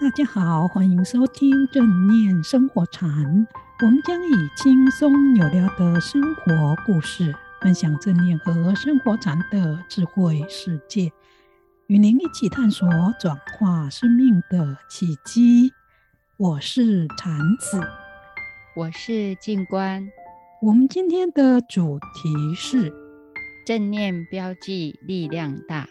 大家好，歡迎收聽正念生活禪。我們將以輕鬆有料的生活故事，分享正念和生活禪的智慧世界，與您一起探索轉化生命的契機。我是禪子，我是靜觀。我們今天的主題是正念標記力量大。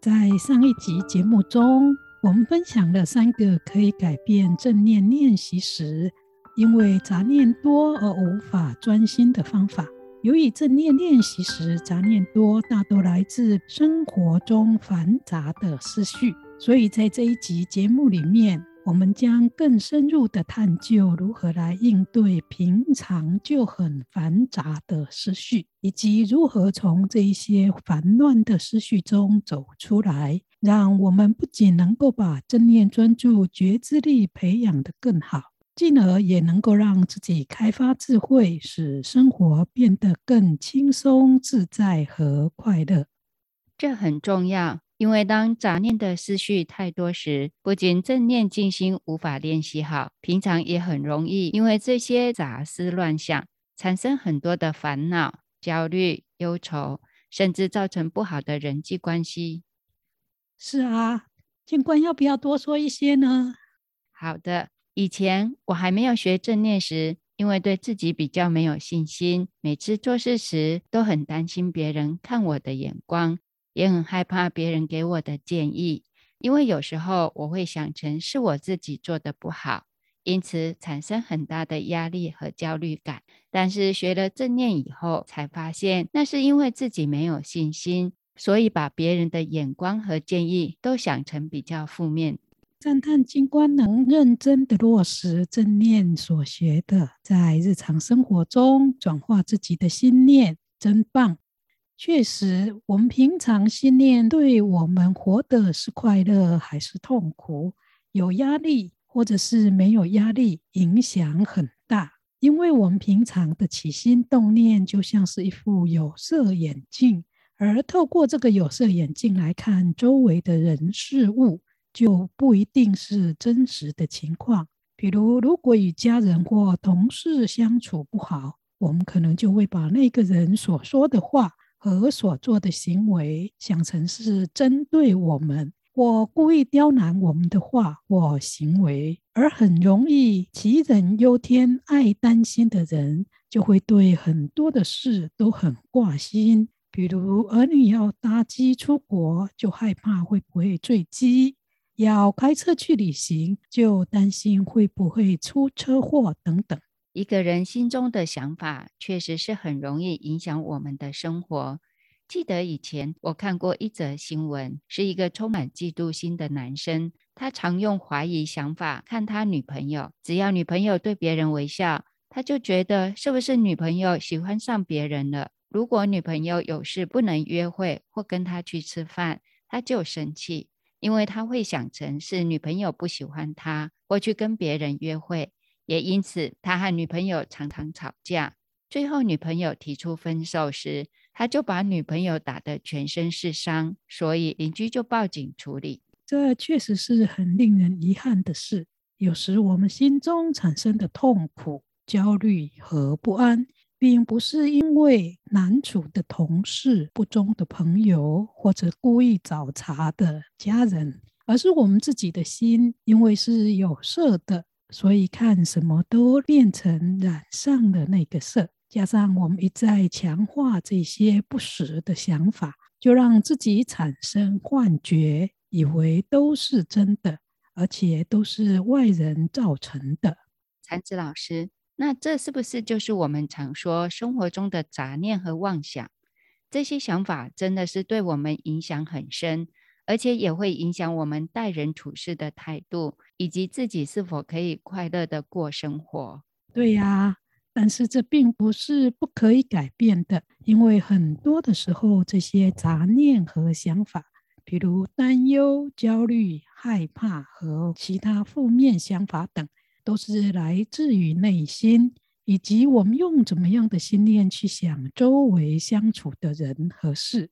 在上一集節目中，我們分享了三個可以改變正念練習時因為雜念多而無法專心的方法。由於正念練習時雜念多，大多來自生活中繁雜的思緒，所以在這一集節目裡面，我們將更深入的探究，如何來應對平常就很繁雜的思緒，以及如何從這一些煩亂的思緒中走出來。讓我們不僅能夠把正念、專注、覺知力培養得更好，進而也能夠讓自己開發智慧，使生活變得更輕鬆、自在和快樂。這很重要，因為當雜念的思緒太多時，不僅正念、靜心無法練習好，平常也很容易因為這些雜思亂想，產生很多的煩惱、焦慮、憂愁，甚至造成不好的人際關係。是啊，監官要不要多說一些呢？好的，以前我還沒有學正念時，因為對自己比較沒有信心，每次做事時都很擔心別人看我的眼光，也很害怕別人給我的建議，因為有時候我會想成是我自己做的不好，因此產生很大的壓力和焦慮感。但是學了正念以後，才發現那是因為自己沒有信心。所以，把別人的眼光和建議都想成比較負面。讚嘆金光能認真地落實正念所學的，在日常生活中轉化自己的心念，真棒！確實，我們平常心念對我們活得是快樂還是痛苦，有壓力或者是沒有壓力，影響很大。因為我們平常的起心動念，就像是一副有色眼鏡。而透過這個有色眼鏡來看周圍的人事物，就不一定是真實的情況。比如，如果與家人或同事相處不好，我們可能就會把那個人所說的話和所做的行為想成是針對我們或故意刁難我們的話或行為，而很容易杞人憂天、愛擔心的人，就會對很多的事都很掛心。比如兒女要搭機出國，就害怕會不會墜機；要開車去旅行，就擔心會不會出車禍等等。一個人心中的想法，確實是很容易影響我們的生活。記得以前我看過一則新聞，是一個充滿嫉妒心的男生，他常用懷疑想法看他女朋友。只要女朋友對別人微笑，他就覺得是不是女朋友喜歡上別人了。如果女朋友有事不能約會或跟他去吃飯，他就生氣，因為他會想成是女朋友不喜歡他或去跟別人約會，也因此他和女朋友常常吵架。最後女朋友提出分手時，他就把女朋友打得全身是傷，所以鄰居就報警處理。這確實是很令人遺憾的事。有時我們心中產生的痛苦、焦慮和不安，並不是因為難處的同事、不忠的朋友，或者故意找茬的家人，而是我們自己的心，因為是有色的，所以看什麼都變成染上的那個色。加上我們一再強化這些不實的想法，就讓自己產生幻覺，以為都是真的，而且都是外人造成的。禪疾老師。那這是不是就是我們常說生活中的雜念和妄想？這些想法真的是對我們影響很深，而且也會影響我們待人處事的態度，以及自己是否可以快樂地過生活。對呀、啊，但是這並不是不可以改變的，因為很多的時候，這些雜念和想法，比如擔憂、焦慮、害怕和其他負面想法等，都是來自於內心，以及我們用怎麼樣的心念去想周圍相處的人和事。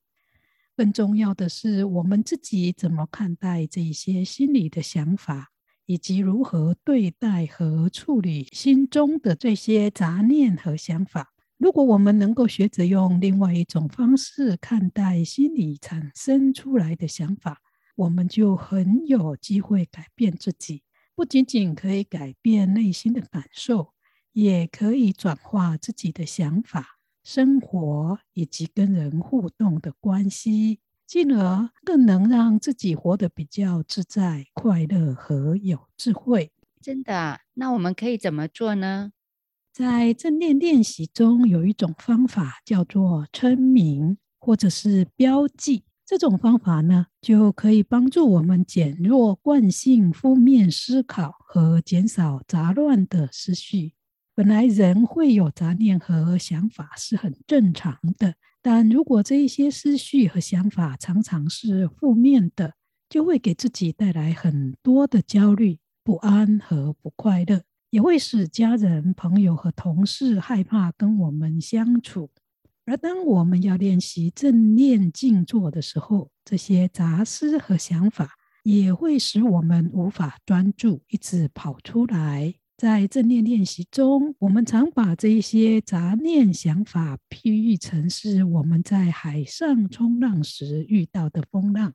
更重要的是，我們自己怎麼看待這些心裡的想法，以及如何對待和處理心中的這些雜念和想法。如果我們能夠學着用另外一種方式看待心理產生出來的想法，我們就很有機會改變自己。不僅僅可以改變內心的感受，也可以轉化自己的想法、生活以及跟人互動的關係，進而更能讓自己活得比較自在、快樂和有智慧。真的啊？那我們可以怎麼做呢？在正念練、練習中，有一種方法叫做稱名，或者是標記。這種方法呢，就可以幫助我們減弱慣性、負面思考和減少雜亂的思緒。本來人會有雜念和想法是很正常的，但如果這一些思緒和想法常常是負面的，就會給自己帶來很多的焦慮、不安和不快樂，也會使家人、朋友和同事害怕跟我們相處。而當我們要練習正念靜坐的時候，這些雜思和想法也會使我們無法專注，一直跑出來。在正念練習中，我們常把這一些雜念想法譬喻成是我們在海上衝浪時遇到的風浪。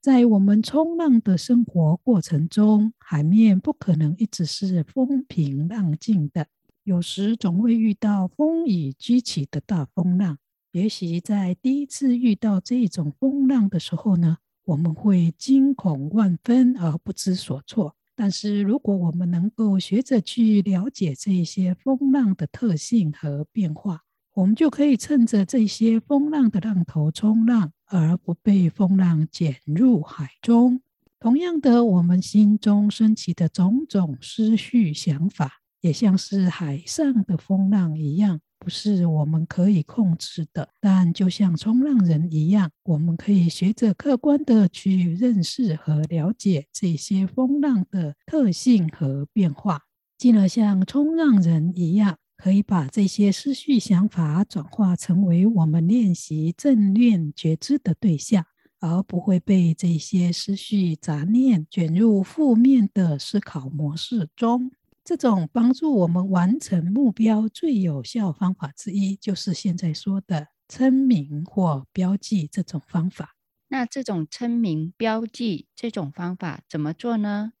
在我們衝浪的生活過程中，海面不可能一直是風平浪靜的。有時總會遇到風雨激起的大風浪。也許在第一次遇到這種風浪的時候呢，我們會驚恐萬分而不知所措。但是如果我們能夠學着去了解這些風浪的特性和變化，我們就可以趁着這些風浪的浪頭衝浪，而不被風浪捲入海中。同樣的，我們心中升起的種種思緒、想法，也像是海上的風浪一樣，不是我們可以控制的。但就像衝浪人一樣，我們可以學着客觀地去認識和了解這些風浪的特性和變化，進而像衝浪人一樣，可以把這些思緒、想法轉化成為我們練習正念覺知的對象，而不會被這些思緒雜念捲入負面的思考模式中。這種幫助我們完成目標最有效方法之一，就是現在說的稱名或標記這種方法。那這種稱名標記這種方法怎麼做呢？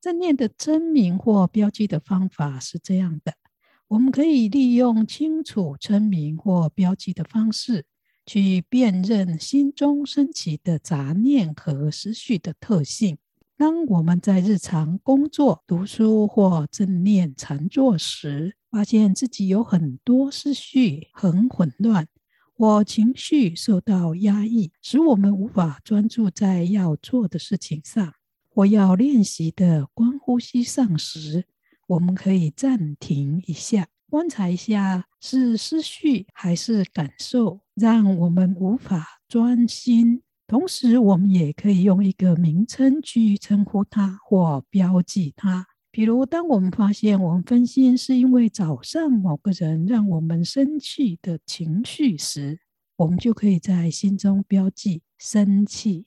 正念的稱名或標記的方法是這樣的：我們可以利用清楚稱名或標記的方式，去辨認心中升起的雜念和思緒的特性。當我們在日常工作、讀書或正念禪坐時，發現自己有很多思緒很混亂，或情緒受到壓抑，使我們無法專注在要做的事情上，或要練習的觀呼吸上時，我們可以暫停一下，觀察一下是思緒還是感受，讓我們無法專心。同時，我們也可以用一個名稱去稱呼它或標記它。比如，當我們發現我們分心是因為早上某個人讓我們生氣的情緒時，我們就可以在心中標記“生氣”。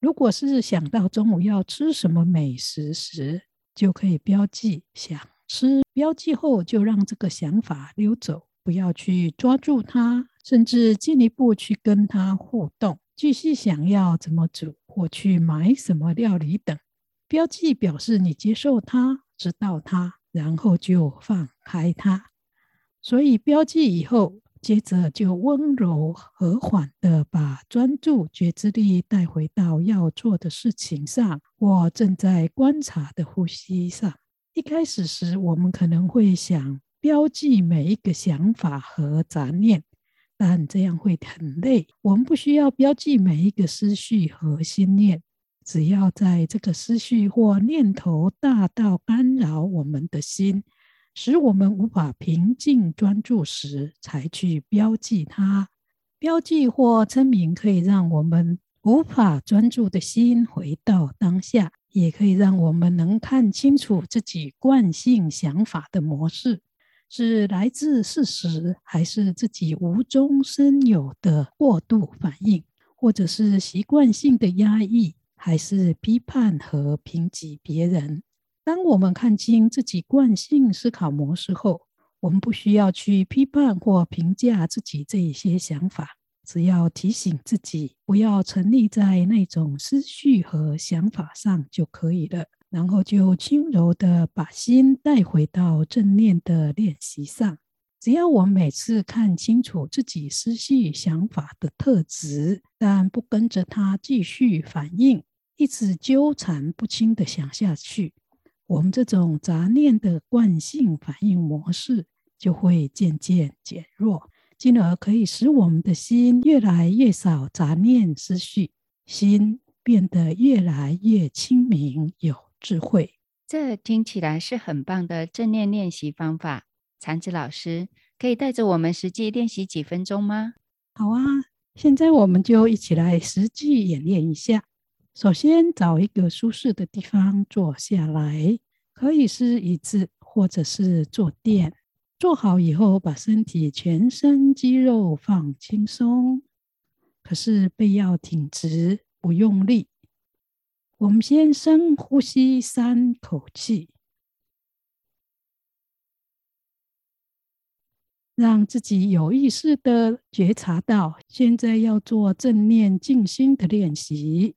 如果是想到中午要吃什麼美食時，就可以標記“想吃”。標記後，就讓這個想法溜走，不要去抓住它，甚至進一步去跟它互動。繼續想要怎麼煮，或去買什麼料理等，標記表示你接受它，知道它，然後就放開它。所以標記以後，接着就溫柔和緩地把專注覺知力帶回到要做的事情上，或正在觀察的呼吸上。一開始時，我們可能會想標記每一個想法和雜念。但這樣會很累。我們不需要標記每一個思緒和心念，只要在這個思緒或念頭大到干擾我們的心，使我們無法平靜專注時，才去標記它。標記或稱名可以讓我們無法專注的心回到當下，也可以讓我們能看清楚自己慣性想法的模式。是來自事實，還是自己無中生有的過度反應，或者是習慣性的壓抑，還是批判和評價別人？當我們看清自己慣性思考模式後，我們不需要去批判或評價自己這一些想法，只要提醒自己不要沉溺在那種思緒和想法上就可以了。然後就輕柔地把心帶回到正念的練習上。只要我們每次看清楚自己思緒想法的特質，但不跟着它繼續反應，一直糾纏不清地想下去，我們這種雜念的慣性反應模式就會漸漸減弱，進而可以使我們的心越來越少雜念思緒，心變得越來越清明有。智慧，這聽起來是很棒的正念練,練習方法。禪子老師，可以帶着我們實際練習幾分鐘嗎？好啊，現在我們就一起來實際演練一下。首先找一個舒適的地方坐下來，可以是椅子或者是坐墊。坐好以後，把身體全身肌肉放輕鬆，可是背要挺直，不用力。我們先深呼吸三口氣，讓自己有意識的覺察到，現在要做正念靜心的練習。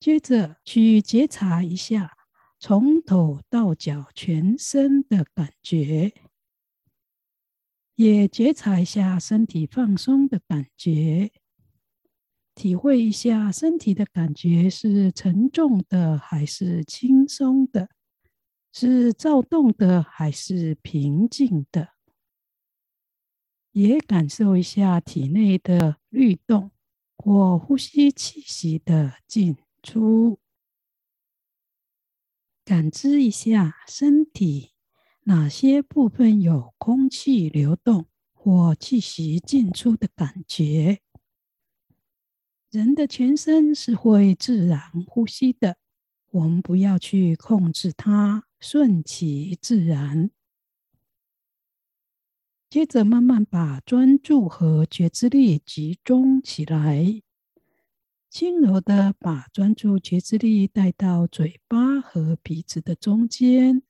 接着去覺察一下從頭到腳全身的感覺，也覺察一下身體放鬆的感覺。體會一下身體的感覺是沉重的還是輕鬆的，是躁動的還是平靜的？也感受一下體內的律動或呼吸氣息的進出，感知一下身體哪些部分有空氣流動或氣息進出的感覺。人的全身是會自然呼吸的，我們不要去控制它，順其自然。接着慢慢把專注和覺知力集中起來，輕柔地把專注覺知力帶到嘴巴和鼻子的中間，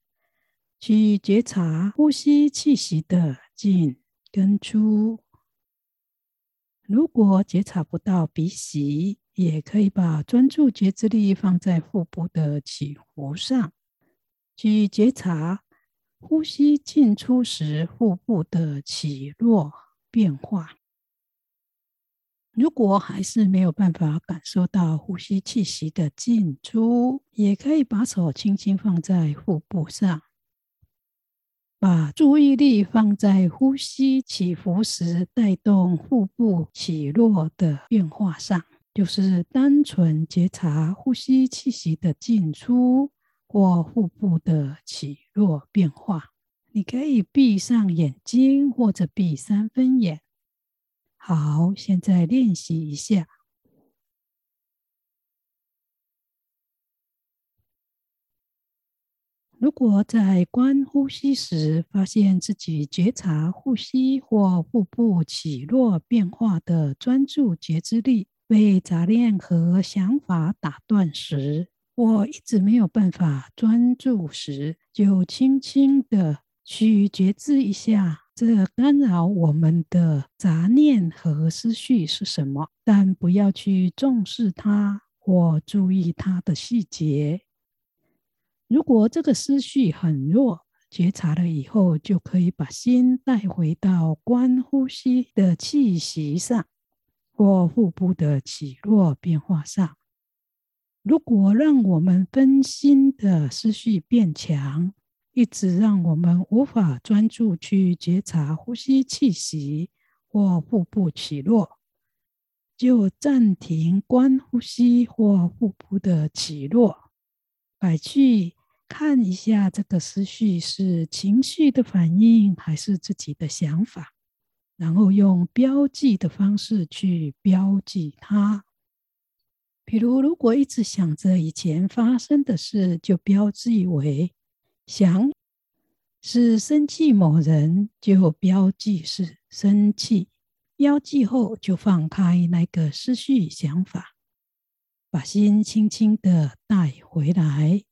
去覺察呼吸氣息的進跟出。如果覺察不到鼻息，也可以把專注覺知力放在腹部的起伏上，去覺察呼吸進出時腹部的起落變化。如果還是沒有辦法感受到呼吸氣息的進出，也可以把手輕輕放在腹部上。把注意力放在呼吸起伏時帶動腹部起落的變化上，就是單純覺察呼吸氣息的進出或腹部的起落變化。你可以閉上眼睛或者閉三分眼。好，現在練習一下。如果在觀呼吸時，發現自己覺察呼吸或腹部起落變化的專注覺知力被雜念和想法打斷時，或一直沒有辦法專注時，就輕輕地去覺知一下這干擾我們的雜念和思緒是什麼，但不要去重視它或注意它的細節。如果這個思緒很弱，覺察了以後，就可以把心帶回到觀呼吸的氣息上，或腹部的起落變化上。如果讓我們分心的思緒變強，一直讓我們無法專注去覺察呼吸氣息或腹部起落，就暫停觀呼吸或腹部的起落。再去看一下這個思緒是情緒的反應還是自己的想法，然後用標記的方式去標記它。比如，如果一直想着以前發生的事，就標記為“想”；是生氣某人，就標記是“生氣”。標記後就放開那個思緒想法。把心輕輕的帶回來，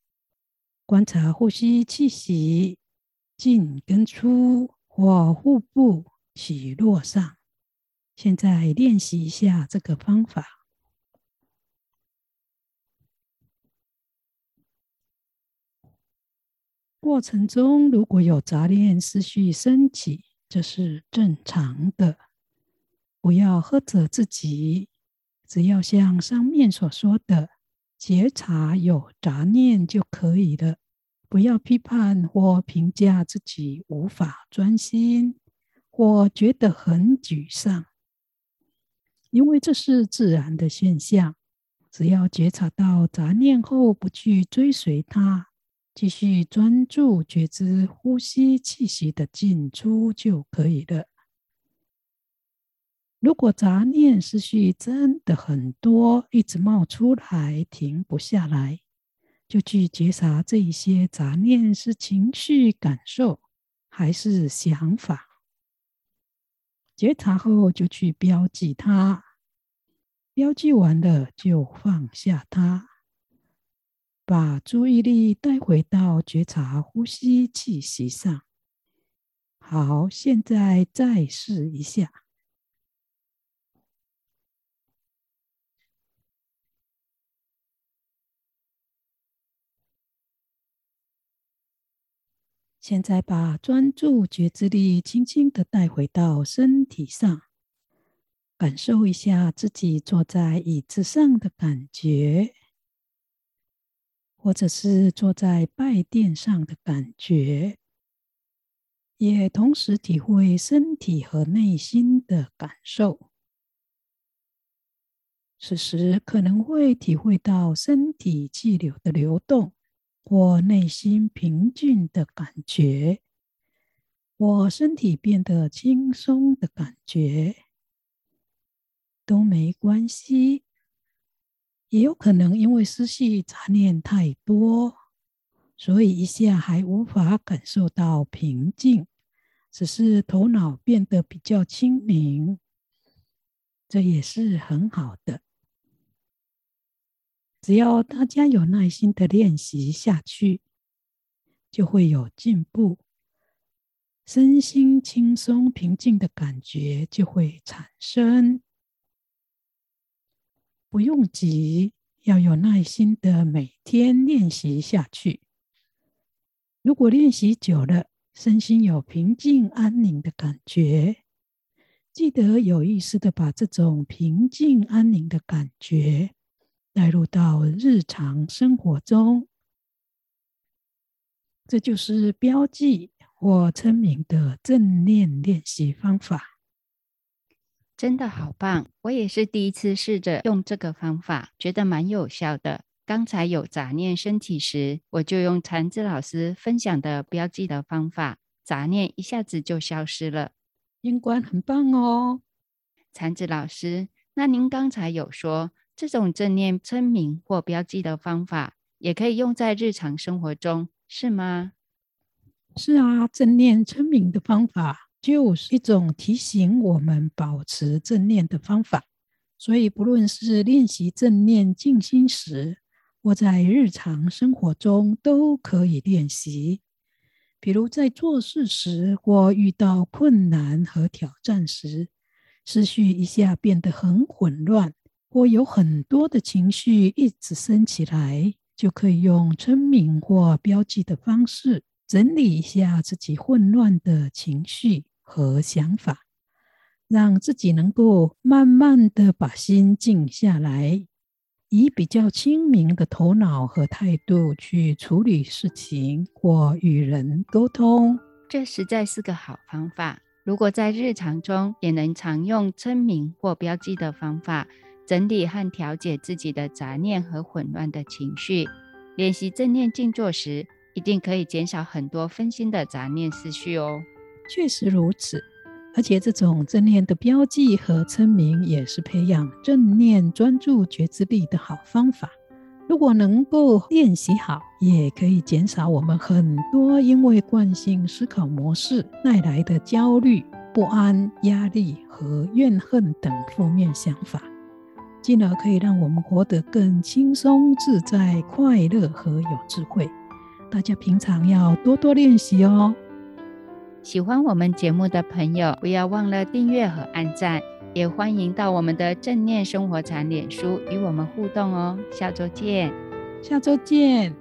觀察呼吸氣息，進跟出，或腹部起落上。現在練習一下這個方法。過程中如果有雜念、思緒升起，這是正常的，不要呵責自己。只要像上面所說的，覺察有雜念就可以了，不要批判或評價自己無法專心，或覺得很沮喪。因為這是自然的現象，只要覺察到雜念後，不去追隨它，繼續專注覺知呼吸氣息的進出就可以了。如果雜念思緒真的很多，一直冒出來，停不下來，就去覺察這一些雜念是情緒感受還是想法。覺察後就去標記它，標記完了就放下它，把注意力帶回到覺察呼吸氣息上。好，現在再試一下。現在把專注覺知力輕輕的帶回到身體上，感受一下自己坐在椅子上的感覺，或者是坐在拜墊上的感覺，也同時體會身體和內心的感受。此時可能會體會到身體氣流的流動。我內心平靜的感覺，我身體變得輕鬆的感覺，都沒關係。也有可能因為思緒雜念太多，所以一下還無法感受到平靜，只是頭腦變得比較清明，這也是很好的。只要大家有耐心的練習下去，就會有進步，身心輕鬆平靜的感覺就會產生。不用急，要有耐心的每天練習下去。如果練習久了，身心有平靜安寧的感覺，記得有意識的把這種平靜安寧的感覺。帶入到日常生活中，這就是標記或稱名的正念練習方法。真的好棒！我也是第一次試着用這個方法，覺得蠻有效的。剛才有雜念升起時，我就用禪子老師分享的標記的方法，雜念一下子就消失了。英官很棒哦，禪子老師，那您剛才有說，這種正念稱名或標記的方法，也可以用在日常生活中，是嗎？是啊，正念稱名的方法就是一種提醒我們保持正念的方法。所以，不論是練習正念靜心時，或在日常生活中，都可以練習。比如，在做事時或遇到困難和挑戰時，思緒一下變得很混亂。我有很多的情緒一直升起來，就可以用稱名或標記的方式整理一下自己混亂的情緒和想法，讓自己能夠慢慢的把心靜下來，以比較清明的頭腦和態度去處理事情或與人溝通。這實在是個好方法。如果在日常中也能常用稱名或標記的方法。整理和調節自己的雜念和混亂的情緒，練習正念靜坐時，一定可以減少很多分心的雜念思緒哦。確實如此，而且這種正念的標記和稱名也是培養正念專注覺知力的好方法。如果能夠練習好，也可以減少我們很多因為慣性思考模式帶來的焦慮、不安、壓力和怨恨等負面想法。進而可以讓我們活得更輕鬆、自在、快樂和有智慧。大家平常要多多練習哦。喜歡我們節目的朋友，不要忘了訂閱和按讚。也歡迎到我們的正念生活禪臉書與我們互動哦。下周見，下周見。